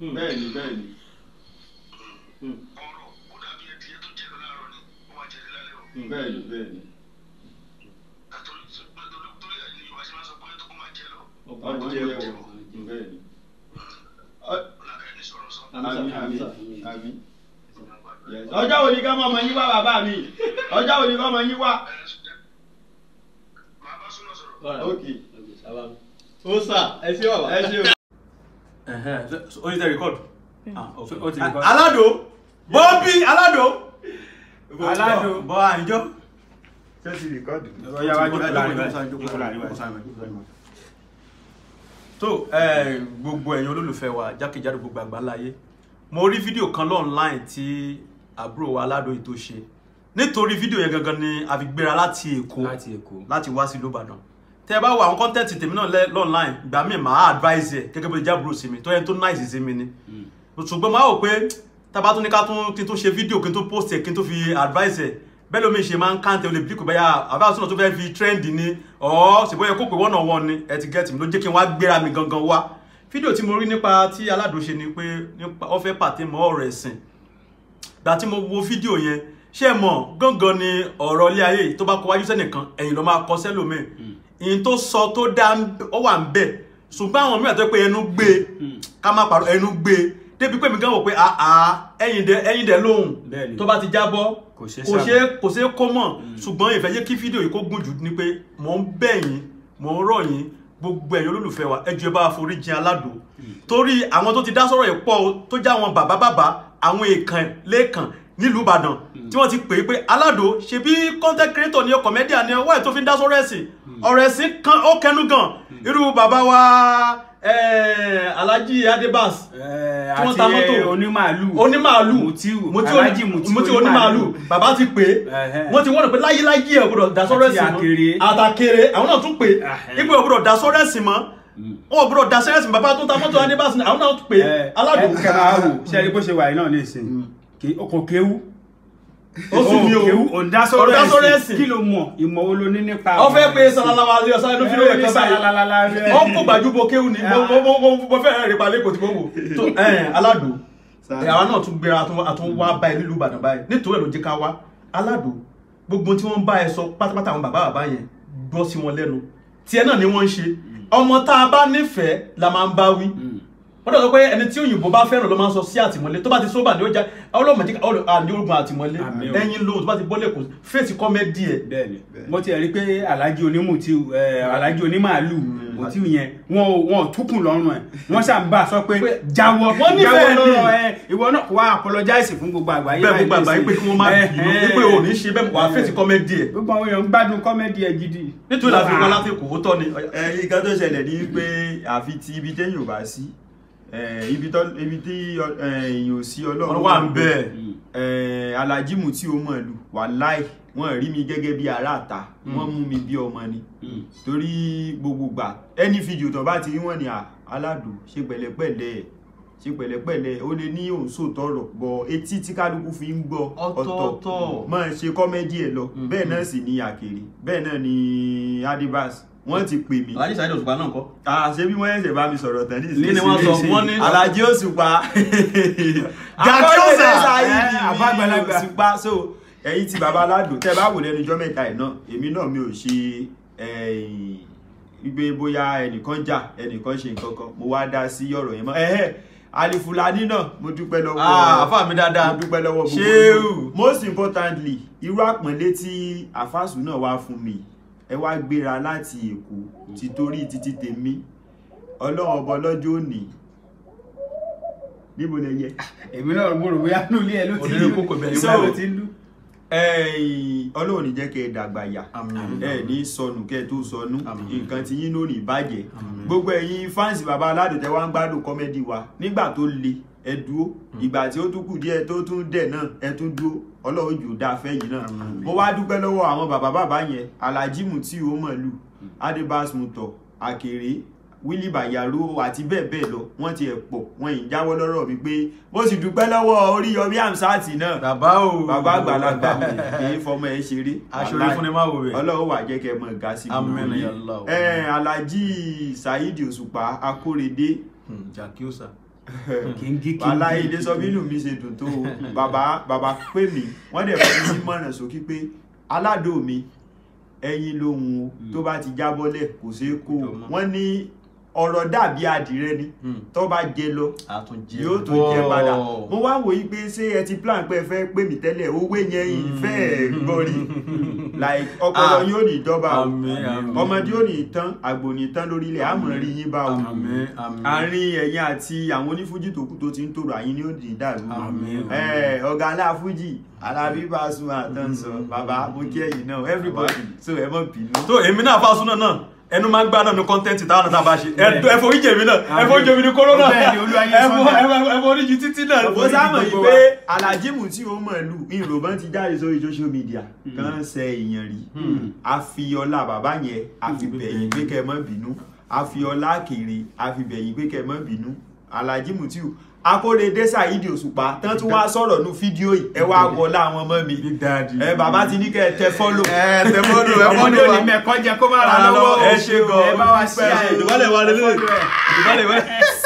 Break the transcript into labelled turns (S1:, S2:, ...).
S1: Hmm. bẹ́ẹ̀ni bẹ́ẹ̀ni. Hmm. ọ̀rọ̀ ó dàbí ẹtì ẹ tó jẹ lọ láàárọ̀ ni ó máa jẹ lálẹ́ o. Hmm. bẹ́ẹ̀ni bẹ́ẹ̀ni. torí ẹni yorùbá ṣe máa sọ pé tó kó máa jẹ lọ. ọba jẹ o bẹ́ẹ̀ni. àmì àmì àmì. ọjọ́ wo ni ká mọ̀ ọmọ yín wá bàbá mi ọjọ́ wo ni ká mọ̀ yín wá. màá bá súnmọ́ sọ̀rọ̀. ó sà ẹ ṣé bàbá. ẹ ṣé o o ti tẹ record alado bọ́ọ̀bì alado alado bọ́ àǹjọ́ ṣé ti record ọ̀yà wájú kó lárí wá so gbogbo ẹ̀yin olólùfẹ́ wa jákèjádò gbogbo àgbáláyé mo rí fídíò kan online tí àbúrò wa alado ètò ṣe nítorí fídíò yẹn gangan ni a fi gbéra láti èkó láti wá sí Ìlú Ìbàdàn tẹ bá wo àwọn kọ́ńtẹ́ǹtì tèmi náà lọ́nláìn ìgbà míì máa advise ẹ gẹ́gẹ́ bí ìjábúrò sí mi tó yẹn tó náìsì sí mi ni hmm. ṣùgbọ́n máa wò pé tábà tún ní ká tún kí n tó ṣe fídíò kí n tó post ẹ kí n tó fi advise ẹ bẹ́ẹ̀ lómi ṣe máa ń káńtẹ̀ olè bí kò báyà àbá àtúnà tó fẹ́ fi trend ni ọ̀ ṣùgbọ́n yẹ kó pè wọ́nà wọn ni ẹ ti get mi ló jẹ́ kí n wá gbéra mi gangan wá fídíò tí mo rí nípa tí Aládò ni pé ó fẹ́ pàtẹ́ mọ́ ọ̀rọ̀ ẹ̀sìn gbà tí mo wo fídíò yẹn ṣé mọ̀ gangan ni ọ̀rọ̀ ilé ayé tó bá kọ wájú sẹ́nìkan ẹ̀yìn ló máa kọ sẹ́lòmíì hmm ìyìn tó sọ tó dá ọ wà ń bẹ̀ ṣùgbọ́n àwọn mìíràn tó pé ẹnu gbé hmm. ká má parọ́ ẹnu gbé débi pé mi gan wò pé àá ẹyin dẹ ẹyin dẹ lóhùn tó bá ti jábọ́ kò ṣe kò ṣe kó mọ̀ hmm. ṣùgbọ́n ìfẹ́ yé kí fídíò yìí kó gùn jù ni pé mò ń bẹ̀ yín mò ń rọ̀ yín gbogbo ẹ̀yin olólùfẹ́ wa ẹjọ́ ẹ bá forí jìn aládò hmm. torí àwọn tó ti dá sọ̀rọ̀ yìí pọ̀ tó já àwọn bàbá bàbá àwọn èèkàn lẹ́ẹ̀kan nílùú ìbàdàn tí wọ́n ti pè é pé aládò ṣe bí content creator ni ọ comedian ni ọwọ́ ẹ̀ tó fi ń dá sọ́rọ̀ ẹ̀sìn ọ̀rọ̀ ẹ̀sìn kan ó kẹnu gan irú bàbá wa alhaji adebas tí wọ́n ta mọ́tò onímàálù onímàálù mutí onímàálù bàbá ti pè é wọ́n ti wọ́n pé láyéláyé ẹ̀ gbọ́dọ̀ dá sọ́rọ̀ ẹ̀sìn mọ́ àtàkèrè àwọn náà tún pè é ibi ẹ̀ gbọ́dọ̀ dá sọ́rọ̀ ẹ̀sìn mọ́ wọn ò bọ̀rọ̀ dá sọ́rọ̀ ẹ̀sìn bàbá tó ta mọ́tò adebas àwọn náà tún pè é aládùn. ẹ ẹ káàwó ṣe é bó ṣe wà yìí náà ní ìsìn ọkọ̀ kéwú ó sì ní òun ọ̀dásọ́rẹ́ ẹ̀sìn kí ló mọ̀ ìmọ̀ wo ló ní nípa àwọn ọ̀fẹ́ pé sàlálàwà lè ọ̀sán ló fi lóye kan báyìí wọ́n kò gbàjúbọ kéwù ni mo fẹ́ rẹ̀ balẹ̀ kò tí mo wò aládò àwa náà tún gbéra àtún wá bá ẹ nílùú Ìbàdàn báyìí nítorí ẹ̀ ló jẹ́ ká wá aládò gbogbo tí wọ́n bá ẹ sọ pátápátá àwọn bàbá bàbá yẹn gbọ́ sí wọn lẹ́nu tiẹ̀ náà ni wọ́n ń ṣe ọmọ tá a bá nífẹ̀ẹ́ la máa ń bá wí hmm wọ́n dọ̀ sọ pé ẹni tí òyìnbó bá fẹ́ràn ló máa ń sọ sí àtìmọ́lé tó bá ti sóbà ní ó jẹ́ ọlọ́mọdé àní ogun àtìmọ́lé lẹ́yìn lóhùn tó bá ti bọ́lẹ̀ kò fèsì kọ́mẹ́dì ẹ̀. bẹ́ẹ̀ni mo ti rí i pé alhaji onímùtí alhaji onímàálù mùtí hmm. yẹn wọn ò túkùn lọ́rùn ẹ̀ wọ́n ṣáà ń bá a sọ pé jáwọ́ jáwọ́ lọ́rọ̀ ẹ̀ ìwọ náà wá apologize fún gbogbo àgbáyé bẹ́ẹ̀ gbogbo àgbáyé pé kí wọ́n má bínú pé ò ní ṣe bẹ́ẹ̀ wàá fèsì kọ́mẹ́dì ẹ̀. gbogbo àwọn èèyàn ń gbádùn kọ́mẹ́dì ẹ̀ gidi. nítorí àfikún aláfẹ́kọ̀ọ́ ah. tọ́ ni. ẹ̀ ẹ̀ ìgbà tó ṣẹlẹ̀ ni pé àfi ti ibi téèyàn ò bá sí Eh, ibi tí eh, èèyàn ò sí ọlọ́run wà ń bẹ̀ eh, Alhaji Mutiu Omolu wàláì wọ́n rí mi gẹ́gẹ́ bí aráàta wọ́n mú mi bí ọmọ ni hmm. torí gbogbo gbà ẹni fídíò tó bá ti rí wọ́n ni ah, aládùn ṣe pẹ̀lẹ́pẹ̀lẹ́ ẹ̀ ṣe pẹ̀lẹ́pẹ̀lẹ́ ó lè ní òun sòótọ́ rọ̀ bọ etí tí kálukú fi ń gbọ́ ọ̀tọ̀ọ̀tọ̀ máa ṣe kọ́mẹ́dì ẹ̀ lọ hmm. bẹ́ẹ̀ náà sì ni àkèrè bẹ́ẹ̀ náà ni adibas wọ́n ti pè mí. alhaji saheed òṣùpá náà kọ́. a ṣe bí wọ́n yẹn ṣe bá mi sọ̀rọ̀ tán nísìnyí. ní wọ́n sọ wọ́n ní. alhaji òṣùpá. gàtúnṣà àbágbàlagbà òṣùpá so ẹ̀yin ti baba aládùn tẹ́ bá wò lẹ́nu ijọ́ mẹ́ta ẹ̀ náà èmi náà mi ò ṣe gbígbé bóyá ẹnìkan jà ẹnìkan ṣe nǹkan kan mo wá dá sí ọ̀rọ̀ yẹn mọ́ ẹ̀hẹ́ alifulani náà mo dúpẹ́ lọ́wọ́ ah, àfa mi dáadáa mo dúpẹ́ lọ́wọ́ gbogbo ṣéwù most importantly irú àpọ́nlé tí àfàsù náà wá fún mi ẹ wá gbéra láti èkó títorí títí tèmi ọlọ́run ọba ọlọ́jọ́ òní níbo lẹ yẹ. Ah, èmi náà mo rò bóyá nílé ẹ ló ti lù. òdìrí bẹ̀rẹ̀ wá ló ti lù ọlọ́run ní jẹ́ kẹ́ ẹ dàgbà yà ẹ ní sọnù kẹ́ ẹ tó sọnù nǹkan tí yín lónìí bàjẹ́ gbogbo ẹ̀yin fáǹsì bàbá aládùn tẹ́ wá ń gbádùn kọ́mẹ́dì wa nígbà tó le ẹ dúró mm. ìgbà tí ó tún kù díẹ̀ tó tún dẹ̀ náà ẹ tún dúró ọlọ́run jù dáa fẹ́ yìí náà mo wá dúpẹ́ lọ́wọ́ àwọn bàbá bàbá yẹn alhaji mutiu omolu mm. adébásmutọ àkèrè Willy Bayaro àti bẹ́ẹ̀ bẹ́ẹ̀ lọ wọ́n ti ẹ̀ pọ̀ wọ́n yìí jáwọ́ lọ́rọ̀ mi pé mo sì dúpẹ́ lọ́wọ́ Oríyọmí Hamzat náà bàbá o bàbá àgbàlagbà mi èyí fọmọ ẹ ṣeré aṣọrí fún ni má wò rẹ Ọlọ́run wà jẹ́ kẹ́ ẹ mọ̀ ga sí mi ẹ Alhaji Saheed Òṣùpá Akórèdé jàkíọ́sà aláìdé sọ bí inú mi ṣe dùn tó bàbá bàbá pè mí wọ́n dẹ̀ fún mi mọ̀ràn sókí pé aládò mi ẹyin lóhun hmm. tó bá ti jábọ́lẹ̀ kò ṣeé kó wọ́n ní ọ̀rọ̀ dàbí adìrẹ ni hmm. tó bá jẹ lọ yóò tó jẹ padà mo wá wòye pé ṣé ẹ ti plan pé ẹ fẹ́ pè mí tẹ́lẹ̀ owó yẹn hmm. ìfẹ́ gbọ́rí like ọpọlọ yóò ní ìdọ́ba o ọmọdé yóò ní ìtàn àgbò ní ìtàn lórí ilẹ̀ àmọ́ rí yín bá o àárín ẹ̀yin àti àwọn onífújì tó kú tó ti ń tòrò àyín ni ó dì í dàrú ọ̀gá aláfújì alábí Pasuma àtàǹsọ̀ bàbá mo kí ẹ̀yin náà everybody so ẹ mọ̀ bínú. tó èmi náà Pasuma náà ẹnu máa ń gbá náà ní kọ́ńtẹ́ǹtì táwọn náà bá ṣe ẹ̀fọ́ oríjì èmi náà ẹ̀fọ́ oríjì èmi ní kórónà ẹ̀fọ́ oríjì títí náà. ó sáàmù yìí pé alájímù tí ó mọ̀ lù ìròbọ̀n ti jáde sórí social media hmm. kan ṣe èèyàn rí hmm. Hmm. a fi bàbá yẹn a pé kẹ́ mọ́ bínú a kiri a pé kẹ́ mọ́ bínú alájímù tí ó akóredé saheed òṣùpá tán tún wá sọ̀rọ̀ nu fídíò yìí ẹ wá wọlé àwọn ọmọ mi ẹ bàbá ti ní kẹ ẹ tẹ fọ́lò ẹ tẹ fọ́lò ẹ fọ́lò wa mẹkọ jẹ kó má ra lọ́wọ́ ẹ ṣe gan ẹ bá wa ṣe àìdùbálẹ̀ wa lélẹ̀ ìdùbálẹ̀ wẹ́ẹ́.